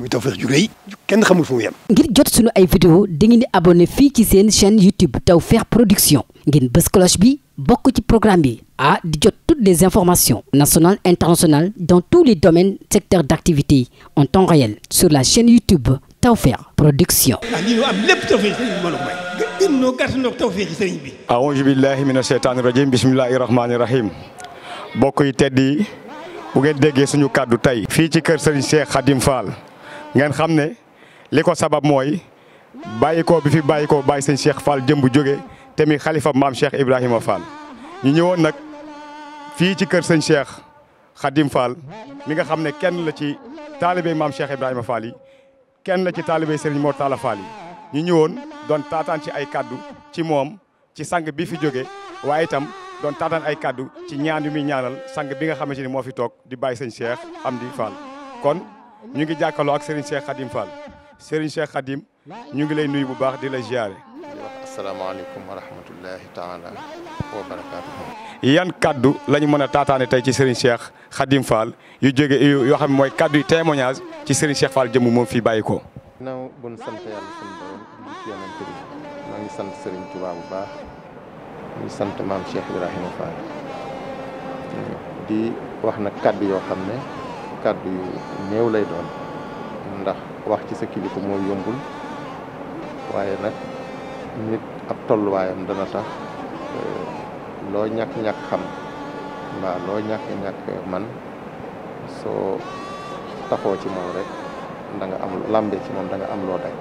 muy kenn xamul fu ngir jot sunu ay vidéo dangeen di abonné fii ci seen chaîne YouTube Tawfekh Production ngeen bës cloche bi bokk ci programme bi ah di jot toutes des informations nationale internationales dans tous les domaines secteurs d'activité en temps réel sur la chaîne YouTube Tawfekh Production. ah lii ñu am lépp Tawfekh sëriñ bi mbooloo mooy. gën gën ñoo gàtt ñoo Tawfekh billahi mina shaytaani bismillahi rahmaani rahiim mbokk yi bu ngeen déggee suñu kàddu tey. fii ci kër Serigne Cheikh Khadim ngeen xam ne li ko sabab mooy bàyyi ko bi fi bàyyi ko bàyyi sëñ Cheikh Fall jëmb jóge te mi xalifa maam Cheikh Ibrahima Fall ñu ñëwoon nag fii ci kër sëñ Cheikh Khadim Fall mi nga xam ne kenn la ci taalibe maam Cheikh Ibrahima Fall yi kenn la ci taalibe Serigne Mor Talla Fall yi ñu ñëwoon doon taataan ci ay kaddu ci moom ci sang bi fi jóge waaye itam doon taataan ay kaddu ci ñaan muy ñaanal sang bi nga xamante ni moo fi toog di bàyyi sëñ Cheikh Amdi Fall kon ñu ngi jàkkaloo ak Serigne Cheikh Khadim Fall Serigne Cheikh Khadim ñu ngi lay nuyu bu baax di la ziare. di wax asalaamaaleykum wa rahmatullahi yan kaddu lañu mën a taataane tey ci Serigne Cheikh Khadim Fall yu jóge yoo xam mooy kaddu yu témoignage ci Serigne Cheikh Fall jëmm moom fii bàyyi ko. ginnaaw bu ñu sant yàlla sunu ngi sant Serigne Touba bu baax di sant wax nag kaddu yoo xam ne. kàddu yu néew lay doon ndax wax ci sa kilifa moo yombul waaye nag nit ab tolluwaayam dana tax euh, loo ñàkk-ñàkk xam mbaa loo ñàkk-ñàkk man soo taxoo ci moom rek da am lambe ci moom da am loo daj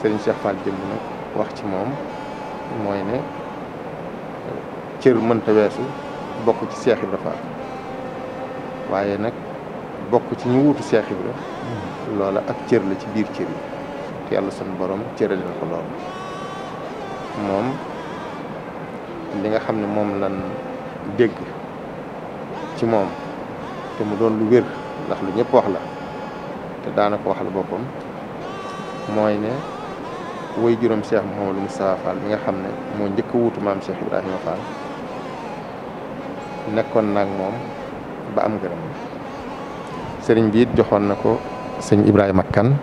Serigne Cheikh Fall jëmm nag wax ci moom mooy ne cër mënta weesu bokk ci Seex Ibra Faal waaye nag bokk ci ñu wuutu Seex la loola ak cër la ci biir cër yi te yàlla sunu borom cërale na ko lool moom li nga xam ne moom lan dégg ci moom te mu doon lu wér ndax lu ñëpp wax la te daana wax waxal boppam mooy ne woy juróom Cheikh Mouhamadou Moustapha Fall bi nga xam ne moo njëkk a wuutu maam Cheikh Ibrahima Fall nekkoon nag moom ba am ngërëm sëriñ biit joxoon na ko sëñ Ibrahima Kane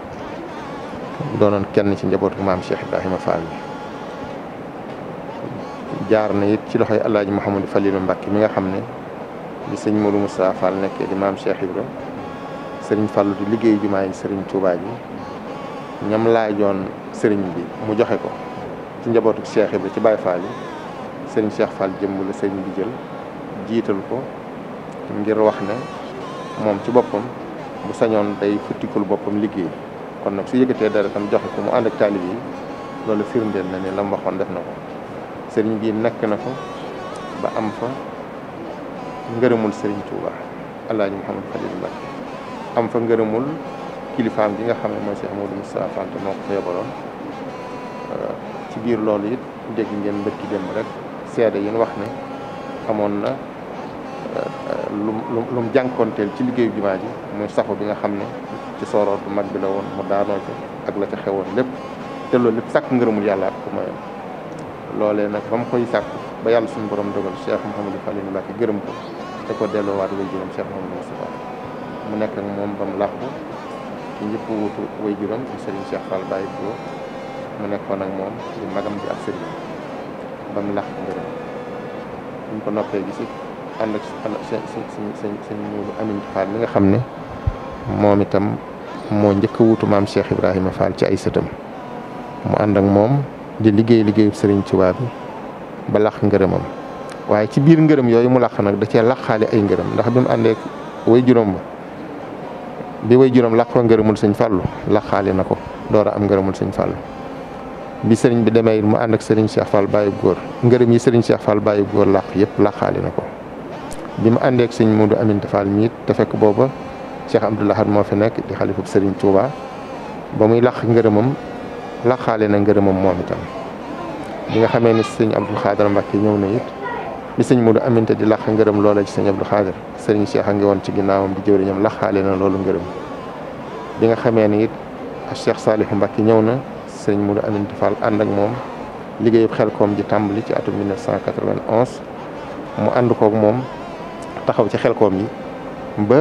doonoon kenn ci njabootu maam Cheikh Ibrahima Fall jaar na it ci loxoy El Hadj Mouhamadou Falilou mbakki mi nga xam ne bi sëñ Modou Moussa Fall nekkee di maam Cheikh Ibra sëriñ Fallou di liggéey jumaa sëriñ Touba ji ñam laajoon sëriñ bi mu joxe ko ci njabootu Cheikh Ibra ci Baye Fall yi sëriñ Cheikh Fall jëmm la sëriñ bi jël jiital ko. ngir wax ne moom ci boppam bu sañoon day futtikul boppam liggéey kon nag su yëkkatee dara tam joxe ko mu ànd ak taalib yi loolu firndeel na ne la mu waxoon def na ko sëriñ bi nekk na ko ba am fa ngërëmul sëriñ Touba Alaaji Mouhamed Khalil Mbacke am fa kilifaam gi nga xam ne mooy Cheikh Amadou Moustapha Fante moo ko fa ci biir loolu it dégg ngeen mbëkki dem rek seede yi wax ne amoon na lu mu lu mu jànkoonteel ci liggéey jumaa ji mu saxu bi nga xam ne ci sooroor bu mag bi la woon mu daanoo ci ak la ca xewoon lépp te loolu lépp sàkk ngërëmul yàlla ak ko mayoon loolee nag ba mu koy sàkk ba yàlla suñu borom dogal Cheikh Mouhamadou Fallou Mbacké gërëm ko te ko delloowaat way juróom Cheikh Mouhamadou Moustapha mu nekk ak moom ba mu làqu ci ñëpp wutu way juróom ci Serigne Cheikh Fall Baye Boulo mu nekkoon ak moom di magam bi ak Serigne ba mu làqu ngërëm buñ ko noppee gisi ànd ak sëñ sëñ nga xam ne moom itam moo njëkk a wuutu maam Cheikh Ibrahima Fall ci ay sëtam mu ànd ak moom di liggéey liggéey sëriñ Tuubaa bi ba lax ngërëmam waaye ci biir ngërëm yooyu mu lax nag da cee laxaale ay ngërëm ndax bi mu àndee juróom ba bi juróom lax ko ngërëmul sëñ Fallu laxaale na ko door a am ngërëmul sëñ Fallu bi sëriñ bi demee mu ànd ak sëriñ Cheikh Fall bàyyi góor ngërëm yi sëriñ Cheikh Fall bàyyi góor làq yëpp làqaale na ko bi mu àndeek sëñ Modou Aminta Fall mi it te fekk booba Cheikh Abdoul Ahad moo fi nekk di xalifab Serigne Touba ba muy lax ngërëmam laxaale na ngërëmam moom itam bi nga xamee ni sëñ Abdoul Xaadar Mbacke ñëw na it bi sëñ Modou Aminta di lax ngërëm loola ci sëñ Abdoul Xaadar Serigne Cheikh a ngi woon ci ginnaawam di jëwriñam laxaale na loolu ngërëm bi nga xamee ni it Cheikh Saliou Mbacke ñëw na sëñ Modou Aminta Fall ànd ak moom liggéeyub xel koom ji tàmbali ci atum 1991 mu ànd koog moom. taxaw ci xel xelkoom yi ba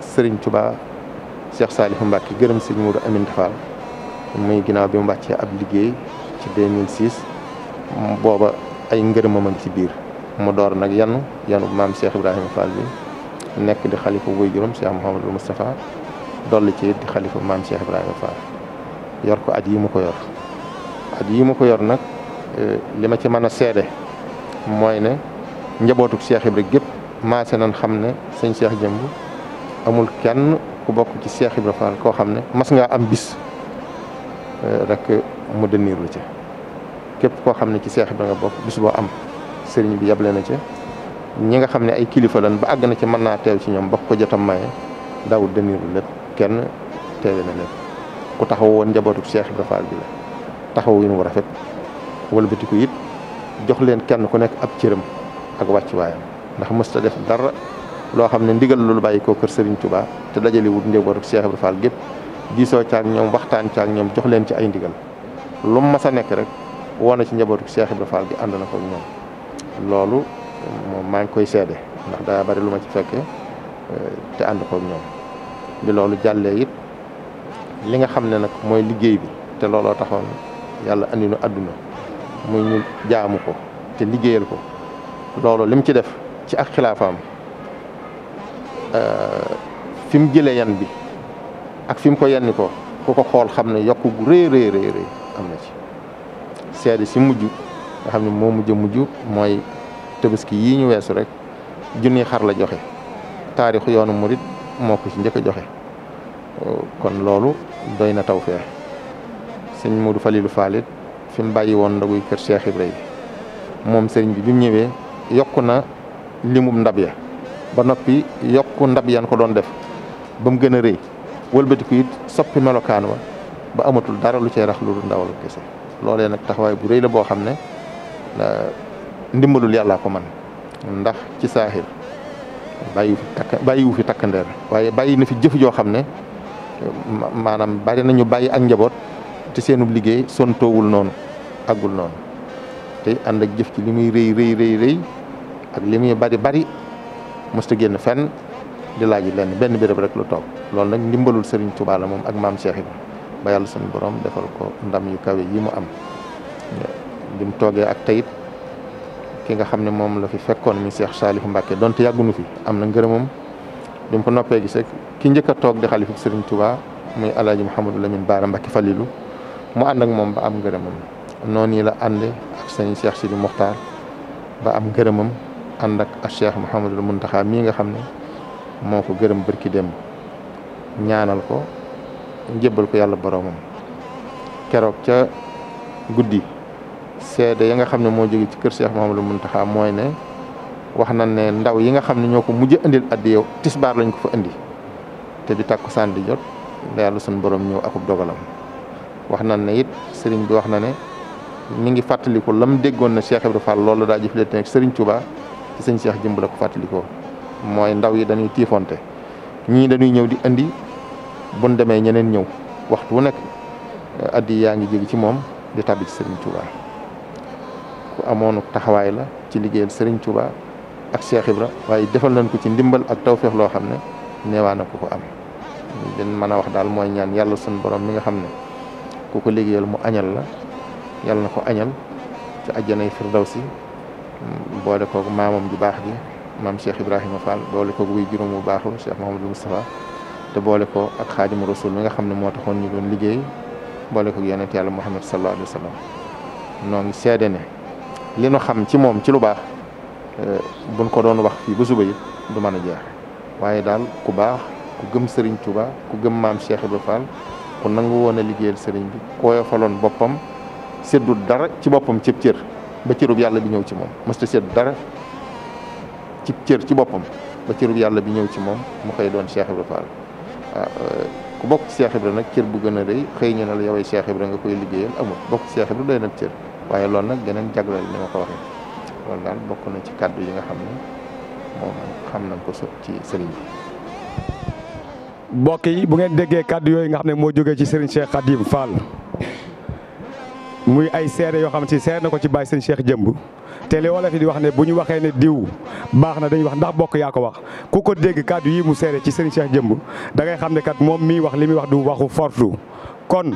sëriñ Touba Cheikh Salihou Mbacke gërëm sëriñ Modou Aminta Fall muy ginnaaw bi mu wàccee ab liggéey ci 2006 booba ay ngërëmam ci biir mu door nag yanu yanu maam seex Ibrahima Fall bi nekk di xalifa wuy juróom Cheikh Mouhamadou Moustapha doll ci di xalifa maam Cheikh Ibrahima Fall yor ko at yi mu ko yor at yi mu ko yor nag eh, li ma ci mën a seede mooy ne njabootuk Cheikh Ibrahima gépp maase nan xam ne sëñ Cheikh Jëmb amul kenn ku bokk ci seex Ibra Fall koo xam ne mas ngaa am bis euh, rek mu dënniir lu ca képp koo xam ne ci seex Ibra nga bokk bis boo am sëriñ bi yable na ca ñi nga xam ne ay kilifa lan ba àgg na ci mën naa teew ci ñoom bokk jotam maye daawul dënniir lu lépp kenn teewe na lépp ku taxaw woon njabootu Cheikh Ibra Fall bi la taxaw yu wu rafet wëlbatiku it jox leen kenn ku nekk ab cëram ak wàccuwaayam ndax mësta def dara loo xam ne ndigal loolu bàyyi koo kër Serigne Touba te dajale wut njabootu Cheikh Ibrahima Fall gépp diisoo caag ñoom waxtaan caag ñoom jox leen ci ay ndigal lu mu mas a nekk rek woo na ci njabootu Cheikh Ibrahima Fall gi ànd na ko ñoom loolu moom maa ngi koy seede bari lu ma ci fekkee eh, te ànd ñoom bi loolu jàllee it li nga xam ne nag mooy liggéey bi te loolo taxoon yàlla andi nu àdduna muy jaamu ko te liggéeyal ko loolu lim ci def. ci ak xilaafaam euh, fi mu jëlee yan bi ak fi mu ko yenni ko ku ko xool xam ne yokk gu rëy rëy am na ci seede si mujj nga xam ne moo mujj mujj mooy tabaski yii ñu weesu rek junni xar la joxe taarixu yoonu murit moo ko ci njëkk joxe kon loolu doy na taw fee sëñ mudu Falilou Fallit fi mu bàyyi woon ndaguy kër Cheikh Ibrahima moom sëriñ bi bi mu ñëwee yokku na limum ndab ya ba noppi yokk ndab yan ko doon def ba mu gën a rëy wëlbatiku it soppi melokaan wa ba amatul dara lu cay rax lu dul ndawal kese loolee nag taxawaay bu rëy la boo xam ne ndimbalul yàllaa ko man ndax ci saaxir bàyyiwu fi takk bàyyiwu waaye bàyyi na fi jëf joo xam ne maanaam bari nañu bàyyi ak njaboot te seenub liggéey sontoowul noonu aggul noonu te ànd ak jëf ci li muy rëy rëy rëy rëy ak li bari bari mosut a génn fenn di laaj lenn benn béréb rek lu toog loolu nag ndimbalul Serigne Touba la moom ak maam Cheikh Ibrahima ba boroom defal ko ndam yu kawe yi mu am. bi mu toogee ak tayit ki nga xam ne moom la fi fekkoon mi Cheikh Saliou Mbacke donte yàgguñu fi am na ngërëmam bi mu ko noppee gis rek ki njëkk a toog di xalifu Serigne Touba muy El Hadj Mouhamadou Lamine Baara Mbacke Falilou mu ànd moom ba am ngërëmam noonu la àndee ak sëñ Cheikh Sidi Mokhtar ba am ngërëmam. ànd ak ak la mun Mountakha mii nga xam ne moo ko gërëm bërki démb ñaanal ko jëbal ko yàlla boroomam keroog ca guddi seede ya nga xam ne moo jóge ci kër Cheikh mun Mountakha mooy ne wax na ne ndaw yi nga xam ne ñoo ko mujj indil addi yow tisbaar lañ ko fa indi te bi tàkku sandi jot yàlla suñu borom ñëw akub dogalam wax na ne it sëriñ bi wax na ne mi ngi fàttaliku lam déggoon na Cheikh Ibrahima Fall loolu daa jëflante ak sëriñ Touba. ci sëñ Cheikh jëmb la ko mooy ndaw yi dañuy tiifonte ñii dañuy ñëw di andi buñ demee ñeneen ñëw waxtu wu nekk addi yaa ngi jeg ci moom di tàbbi ci Serigne Touba ku amoon taxawaay la ci liggéeyal Serigne Touba ak Cheikh Ibra waaye defal nañ ko ci ndimbal ak tawféex loo xam ne neewaa na ko ko am den mën a wax daal mooy ñaan yàlla sun boroom mi nga xam ne ku ko liggéeyal mu añal la yàlla na ko añal ci àjjanay si boole koog maamam ju baax gi maam Cheikh Ibrahima Fall boole koog wuy juróom bu baaxul Cheikh Mouhamadou Moustapha te boole ko ak xaadimu rasul mi nga xam ne moo taxoon ñu doon liggéey boole koog yonent yàlla Muhammad sallallahu alayhi wa sallam noo ngi ne li nu xam ci moom ci lu baax eh, buñ ko doon wax fii ba suba it du mën a jeex waaye daal ku baax ku gëm Serigne Touba ku gëm maam Cheikh Ibrahima Fall ku nangu woon a liggéeyal Serigne bi koo faloon boppam séddul dara ci boppam cëb cër. ba cërub yàlla bi ñëw ci moom mësta seet dara ci cër ci boppam ba cërub yàlla bi ñëw ci moom mu xëy doon Cheikh Ibra Fall ah, euh, ku bokk ci Cheikh Ibra nag cër bu gën a rëy xëy ñu ne la yoway Cheikh Ibra nga koy liggéeyal amul bokk ci Cheikh Ibra doy na waaye loolu nag geneen jagleel ni ma ko waxee loolu daal bokk na ci kàddu yi nga xam ne moom xam nañ ko ci sëriñ bi mbokk yi bu ngeen déggee kàddu yooyu nga xam ne moo jógee ci sëriñ Cheikh Khadim Fall muy ay seere yoo xamante ni seere na ko ci baay sëñ Cheikh Jëmb te li wolof yi di wax ne bu ñu waxee ne diw baax na dañuy wax ndax bokk yaa ko wax ku ko dégg kàddu yi mu seere ci sëñ Cheikh Jëmb da ngay xam ne kat moom mii wax li muy wax du waxu fortu kon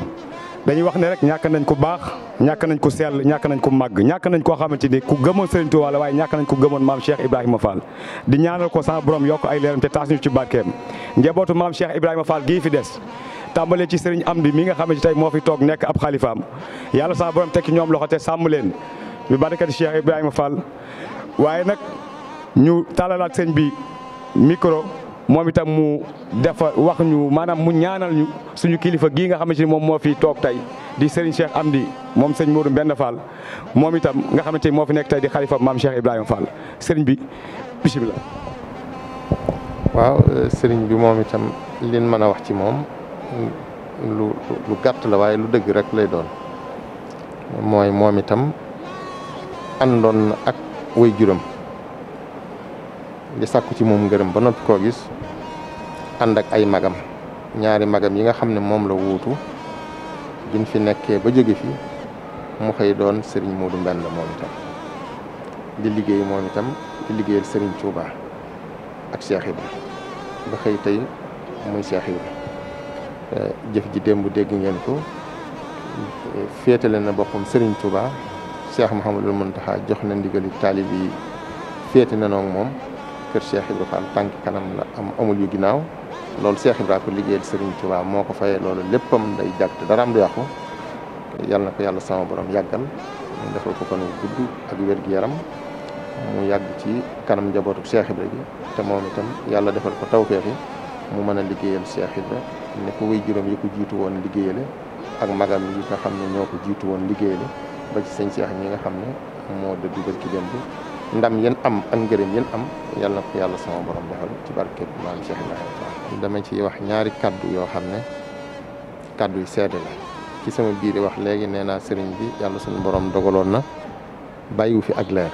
dañu wax ne rek ñàkk nañ ko baax ñàkk nañ ko sell ñàkk nañ ko màgg ñàkk nañ koo xamante ni ku gëmoon Sëriñ Tuubaa la waaye ñàkk nañ ko gëmoon maam Cheikh Ibrahima Fall di ñaanal ko sama borom yokk ay leeram te taas ñu ci barkeem njabootu maam Cheikh Ibrahima Fall gii fi des tàmbalee ci sëriñ am Amdi mi nga xam ne ci tey moo fi toog nekk ab xalifaam yàlla sa borom tekki ñoom loxo te sàmm leen bi barakati Cheikh Ibrahima Fall waaye nag ñu tàllalaat sëñ bi micro moom itam mu defa wax ñu maanaam mu ñaanal ñu suñu kilifa gii nga xamante ni moom moo fi toog tey di Serigne Cheikh Amdi moom sëñ Modou Mbène Fall moom itam nga xamante ni moo fi nekk tey di xalifa maam Cheikh Ibrahima Fall sëriñ bi bisimilah. waaw sëriñ bi moom itam liñ mën a wax ci moom. lu lu gàtt la waaye lu dëgg rek lay doon mooy moom itam àndoon na ak way juróom di sàkku ci moom ngërëm ba noppi koo gis ànd ak ay magam ñaari magam yi nga xam ne moom la wuutu biñ fi nekkee ba jóge fi mu xëy doon Serigne Modou Mbenda moom itam di liggéey moom itam di liggéeyal Serigne Touba ak Cheikh Ibra ba xëy tey muy Cheikh Ibra Eh, jëf ji démb dégg ngeen ko féetale na boppam seex ma Cheikh Mouhamadul Mountakha jox na ndigali taalib yi féete na noog moom kër Cheikh Ibra Fall tànk kanam la am amul yu ginnaaw loolu Cheikh Ibra ko liggéeyal Serigne Touba moo ko fayee loolu léppam day jàpp te dara am du yàqu yàlla ko yàlla sama boroom yàggal mu defal ko kon gudd ak wér-gu-yaram mu yàgg ci kanam njabootu Cheikh Ibra gi te moom itam yàlla defal ko tawfeex yi mu mën a liggéeyal Cheikh Ibra ne ko way juróom yi ko jiitu woon liggéeyale ak magam yi nga xam ne ñoo ko jiitu woon liggéeyale ba ci sëñ Cheikh nga xam ne moo dëddu barki dem bi ndam yéen am ak ngërëm yéen am yàlla yàlla sama borom doxal ci barke maam Cheikh Ibrahima dama ci wax ñaari kàddu yoo xam ne kaddu yu sedd la ci sama biir wax léegi nee naa sëriñ bi yàlla suñu boroom dogaloon na bàyyiwu fi ak leer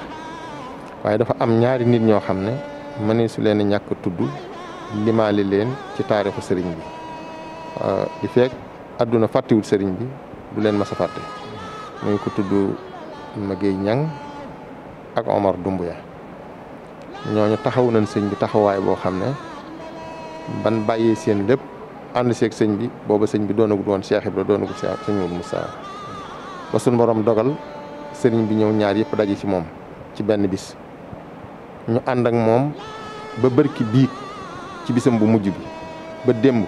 waaye dafa am ñaari nit ñoo xam ne mën mëneesu leen ñàkk tudd limaale leen ci taarixu sëriñ bi euh, di fekk àdduna fàttiwul sëriñ bi du leen mas a fàtte muy ko tudd Maguey Niang ak Omar Dumbuya ñooñu taxaw nañ sëñ bi taxawaay boo xam ne ban bàyyee seen lépp ànd seeg sëñ bi booba sëñ bi doonagul woon Cheikh Ibra doonagul Cheikh sëñ Mourou Moussa ba suñu dogal sëriñ bi ñëw ñaar yëpp daje ci moom ci benn bis ñu ànd ak moom ba bërki biig ci bisam bu mujj bi ba démb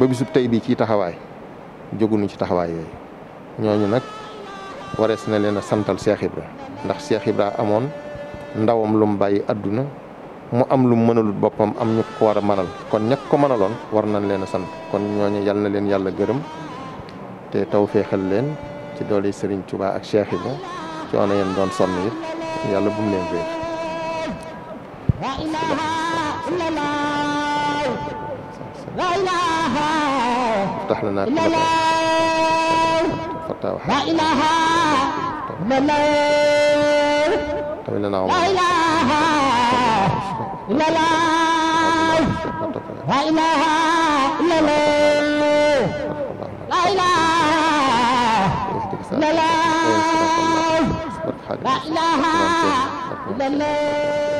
ba bisub tey bii ci taxawaay jógunu ci taxawaay yooyu ñooñu nag warees na leen a santal Cheikh Ibra ndax Cheikh Ibra amoon ndawam lu mu bàyyi àdduna mu am lu mu mënalut boppam am ñu ko war a mënal kon ña ko mënaloon war nañ leen a sant kon ñooñu yal na leen yàlla gërëm te taw feexal leen ci doole sëriñ Touba ak Cheikh Ibra coono yéen doon sonn it yàlla bu leen réer لا إله افتح لنا إلا لا إله إلا الله لا إله إلا الله لا إله إلا الله لا إله إلا الله لا إله إلا الله